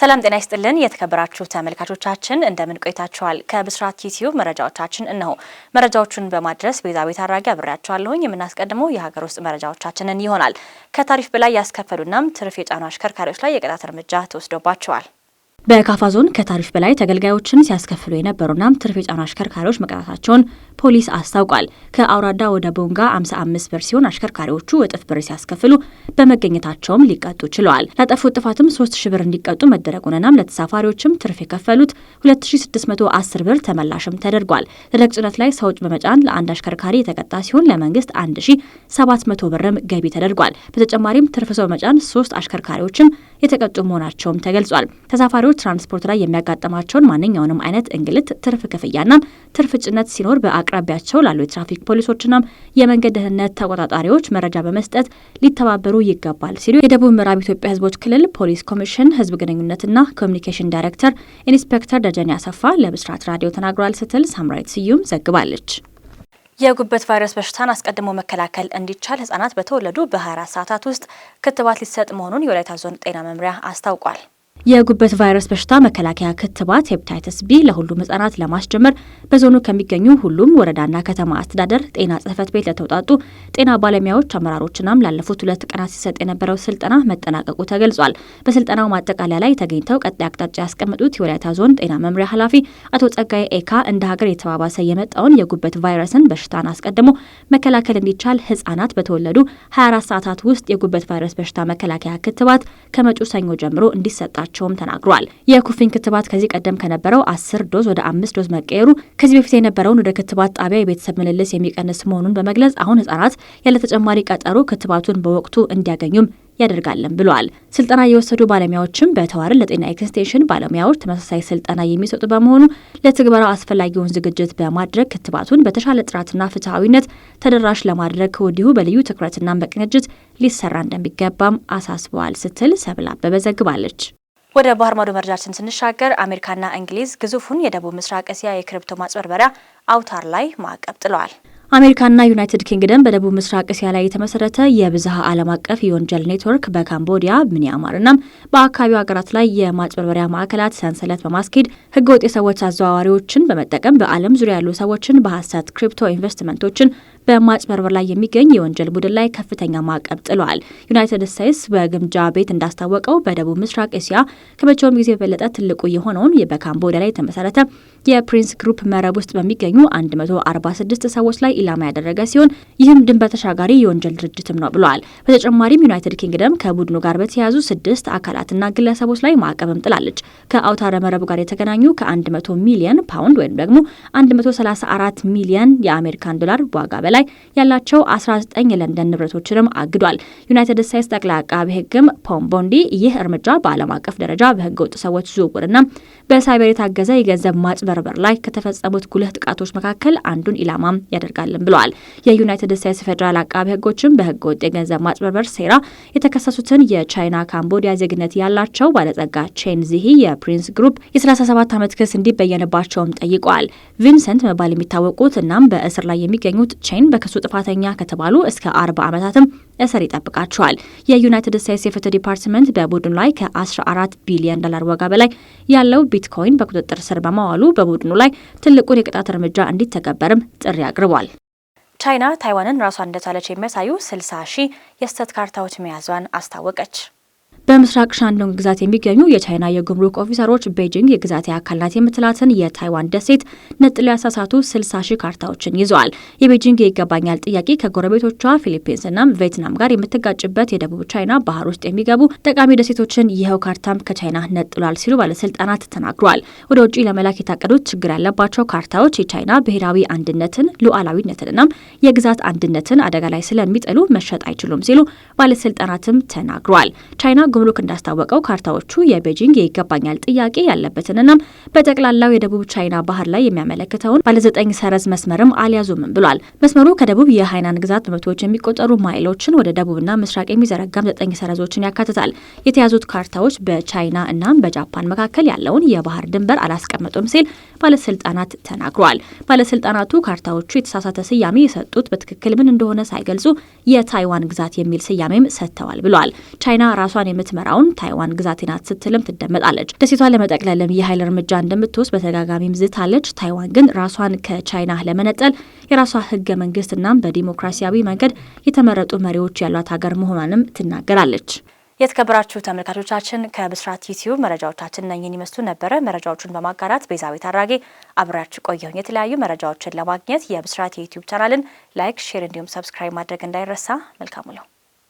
ሰላም ጤና ይስጥልን የተከበራችሁ ተመልካቾቻችን እንደምን ቆይታችኋል? ከብስራት ዩቲዩብ መረጃዎቻችን እነሆ። መረጃዎቹን በማድረስ ቤት አራጊ አብሬያችኋለሁኝ። የምናስቀድመው የሀገር ውስጥ መረጃዎቻችንን ይሆናል። ከታሪፍ በላይ ያስከፈሉናም ትርፍ የጫኑ አሽከርካሪዎች ላይ የቅጣት እርምጃ ተወስዶባቸዋል። በካፋ ዞን ከታሪፍ በላይ ተገልጋዮችን ሲያስከፍሉ የነበሩና ትርፍ የጫኑ አሽከርካሪዎች መቅጣታቸውን ፖሊስ አስታውቋል። ከአውራዳ ወደ ቦንጋ 55 ብር ሲሆን አሽከርካሪዎቹ እጥፍ ብር ሲያስከፍሉ በመገኘታቸውም ሊቀጡ ችለዋል። ላጠፉት ጥፋትም 3000 ብር እንዲቀጡ መደረጉንናም ለተሳፋሪዎችም ትርፍ የከፈሉት 2610 ብር ተመላሽም ተደርጓል። ደረቅ ጭነት ላይ ሰው በመጫን ለአንድ አሽከርካሪ የተቀጣ ሲሆን ለመንግስት 1700 ብርም ገቢ ተደርጓል። በተጨማሪም ትርፍ ሰው በመጫን ሶስት አሽከርካሪዎችም የተቀጡ መሆናቸውም ተገልጿል። ተሳፋሪዎች ትራንስፖርት ላይ የሚያጋጥማቸውን ማንኛውንም አይነት እንግልት፣ ትርፍ ክፍያና ትርፍ ጭነት ሲኖር በአቅራቢያቸው ላሉ የትራፊክ ፖሊሶችና የመንገድ ደህንነት ተቆጣጣሪዎች መረጃ በመስጠት ሊተባበሩ ይገባል ሲሉ የደቡብ ምዕራብ ኢትዮጵያ ህዝቦች ክልል ፖሊስ ኮሚሽን ህዝብ ግንኙነትና ኮሚኒኬሽን ዳይሬክተር ኢንስፔክተር ደጀን አሰፋ ለብስራት ራዲዮ ተናግሯል ስትል ሳምራይት ስዩም ዘግባለች። የጉበት ቫይረስ በሽታን አስቀድሞ መከላከል እንዲቻል ህጻናት በተወለዱ በ24 ሰዓታት ውስጥ ክትባት ሊሰጥ መሆኑን የወላይታ ዞን ጤና መምሪያ አስታውቋል። የጉበት ቫይረስ በሽታ መከላከያ ክትባት ሄፕታይተስ ቢ ለሁሉም ህጻናት ለማስጀመር በዞኑ ከሚገኙ ሁሉም ወረዳና ከተማ አስተዳደር ጤና ጽህፈት ቤት ለተውጣጡ ጤና ባለሙያዎች አመራሮችናም ላለፉት ሁለት ቀናት ሲሰጥ የነበረው ስልጠና መጠናቀቁ ተገልጿል። በስልጠናው ማጠቃለያ ላይ ተገኝተው ቀጣይ አቅጣጫ ያስቀመጡት የወላይታ ዞን ጤና መምሪያ ኃላፊ አቶ ጸጋዬ ኤካ እንደ ሀገር የተባባሰ የመጣውን የጉበት ቫይረስን በሽታን አስቀድሞ መከላከል እንዲቻል ህጻናት በተወለዱ 24 ሰዓታት ውስጥ የጉበት ቫይረስ በሽታ መከላከያ ክትባት ከመጪው ሰኞ ጀምሮ እንዲሰጣል መለቀቃቸውም ተናግሯል። የኩፍኝ ክትባት ከዚህ ቀደም ከነበረው አስር ዶዝ ወደ አምስት ዶዝ መቀየሩ ከዚህ በፊት የነበረውን ወደ ክትባት ጣቢያ የቤተሰብ ምልልስ የሚቀንስ መሆኑን በመግለጽ አሁን ህጻናት ያለ ተጨማሪ ቀጠሮ ክትባቱን በወቅቱ እንዲያገኙም ያደርጋለን ብለዋል። ስልጠና የወሰዱ ባለሙያዎችም በተዋረድ ለጤና ኤክስቴንሽን ባለሙያዎች ተመሳሳይ ስልጠና የሚሰጡ በመሆኑ ለትግበራው አስፈላጊውን ዝግጅት በማድረግ ክትባቱን በተሻለ ጥራትና ፍትሐዊነት ተደራሽ ለማድረግ ወዲሁ በልዩ ትኩረትና በቅንጅት ሊሰራ እንደሚገባም አሳስበዋል ስትል ሰብለ አበበ ዘግባለች። ወደ ባህር ማዶ መረጃችን ስንሻገር አሜሪካና እንግሊዝ ግዙፉን የደቡብ ምስራቅ እስያ የክሪፕቶ ማጭበርበሪያ አውታር ላይ ማዕቀብ ጥለዋል። አሜሪካና ዩናይትድ ኪንግደም በደቡብ ምስራቅ እስያ ላይ የተመሰረተ የብዝሃ ዓለም አቀፍ የወንጀል ኔትወርክ በካምቦዲያ ምንያማርናም በአካባቢው ሀገራት ላይ የማጭበርበሪያ ማዕከላት ሰንሰለት በማስኬድ ህገወጥ የሰዎች አዘዋዋሪዎችን በመጠቀም በዓለም ዙሪያ ያሉ ሰዎችን በሀሰት ክሪፕቶ ኢንቨስትመንቶችን በማጭበርበር ላይ የሚገኝ የወንጀል ቡድን ላይ ከፍተኛ ማዕቀብ ጥለዋል። ዩናይትድ ስቴትስ በግምጃ ቤት እንዳስታወቀው በደቡብ ምስራቅ እስያ ከመቼውም ጊዜ የበለጠ ትልቁ የሆነውን በካምቦዲያ ላይ የተመሰረተ የፕሪንስ ግሩፕ መረብ ውስጥ በሚገኙ 146 ሰዎች ላይ ኢላማ ያደረገ ሲሆን ይህም ድንበር ተሻጋሪ የወንጀል ድርጅትም ነው ብለዋል። በተጨማሪም ዩናይትድ ኪንግደም ከቡድኑ ጋር በተያያዙ ስድስት አካላትና ግለሰቦች ላይ ማዕቀብም ጥላለች። ከአውታረ መረቡ ጋር የተገናኙ ከ100 ሚሊየን ፓውንድ ወይም ደግሞ 134 ሚሊየን የአሜሪካን ዶላር ዋጋ በላይ በላይ ያላቸው 19 የለንደን ንብረቶችንም አግዷል። ዩናይትድ ስቴትስ ጠቅላይ አቃቢ ሕግም ፖም ቦንዲ ይህ እርምጃ በዓለም አቀፍ ደረጃ በህገ ወጥ ሰዎች ዝውውርና በሳይበር የታገዘ የገንዘብ ማጭበርበር ላይ ከተፈጸሙት ጉልህ ጥቃቶች መካከል አንዱን ኢላማም ያደርጋልን ብለዋል። የዩናይትድ ስቴትስ ፌዴራል አቃቢ ሕጎችም በህገ ወጥ የገንዘብ ማጭበርበር ሴራ የተከሰሱትን የቻይና ካምቦዲያ ዜግነት ያላቸው ባለጸጋ ቼን ዚሂ የፕሪንስ ግሩፕ የ37 ዓመት ክስ እንዲበየንባቸውም ጠይቋል። ቪንሰንት መባል የሚታወቁት እናም በእስር ላይ የሚገኙት ቼን ራይን በክሱ ጥፋተኛ ከተባሉ እስከ አርባ ዓመታትም እስር ይጠብቃቸዋል። የዩናይትድ ስቴትስ የፍትህ ዲፓርትመንት በቡድኑ ላይ ከ14 ቢሊዮን ዶላር ዋጋ በላይ ያለው ቢትኮይን በቁጥጥር ስር በማዋሉ በቡድኑ ላይ ትልቁን የቅጣት እርምጃ እንዲተገበርም ጥሪ አቅርቧል። ቻይና ታይዋንን ራሷን እንደቻለች የሚያሳዩ 60 ሺህ የስተት ካርታዎች መያዟን አስታወቀች። በምስራቅ ሻንዶንግ ግዛት የሚገኙ የቻይና የጉምሩክ ኦፊሰሮች ቤጂንግ የግዛቴ አካል ናት የምትላትን የታይዋን ደሴት ነጥሎ ያሳሳቱ ስልሳ ሺህ ካርታዎችን ይዘዋል። የቤጂንግ የይገባኛል ጥያቄ ከጎረቤቶቿ ፊሊፒንስና ቬትናም ጋር የምትጋጭበት የደቡብ ቻይና ባህር ውስጥ የሚገቡ ጠቃሚ ደሴቶችን ይኸው ካርታም ከቻይና ነጥሏል ሲሉ ባለስልጣናት ተናግረዋል። ወደ ውጭ ለመላክ የታቀዱት ችግር ያለባቸው ካርታዎች የቻይና ብሔራዊ አንድነትን፣ ሉዓላዊነትንና የግዛት አንድነትን አደጋ ላይ ስለሚጥሉ መሸጥ አይችሉም ሲሉ ባለስልጣናትም ተናግረዋል። ቻይና ጉምሩክ እንዳስታወቀው ካርታዎቹ የቤጂንግ የይገባኛል ጥያቄ ያለበትንና በጠቅላላው የደቡብ ቻይና ባህር ላይ የሚያመለክተውን ባለዘጠኝ ሰረዝ መስመርም አልያዙምም ብሏል። መስመሩ ከደቡብ የሃይናን ግዛት በመቶዎች የሚቆጠሩ ማይሎችን ወደ ደቡብና ምስራቅ የሚዘረጋም ዘጠኝ ሰረዞችን ያካትታል። የተያዙት ካርታዎች በቻይና እናም በጃፓን መካከል ያለውን የባህር ድንበር አላስቀመጡም ሲል ባለስልጣናት ተናግረዋል። ባለስልጣናቱ ካርታዎቹ የተሳሳተ ስያሜ የሰጡት በትክክል ምን እንደሆነ ሳይገልጹ የታይዋን ግዛት የሚል ስያሜም ሰጥተዋል ብለዋል። ቻይና ራሷን የምትመራውን ታይዋን ግዛቴ ናት ስትልም ትደመጣለች። ደሴቷ ለመጠቅለልም የኃይል እርምጃ እንደምትወስድ በተጋጋሚም ዝታለች። ታይዋን ግን ራሷን ከቻይና ለመነጠል የራሷ ህገ መንግስትናም በዲሞክራሲያዊ መንገድ የተመረጡ መሪዎች ያሏት ሀገር መሆኗንም ትናገራለች። የተከበራችሁ ተመልካቾቻችን ከብስራት ዩቲዩብ መረጃዎቻችን እነኝን ይመስሉ ነበረ። መረጃዎቹን በማጋራት ቤዛቤት አድራጌ አብራችሁ ቆየሁኝ። የተለያዩ መረጃዎችን ለማግኘት የብስራት የዩቲዩብ ቻናልን ላይክ፣ ሼር እንዲሁም ሰብስክራይብ ማድረግ እንዳይረሳ። መልካሙ ነው።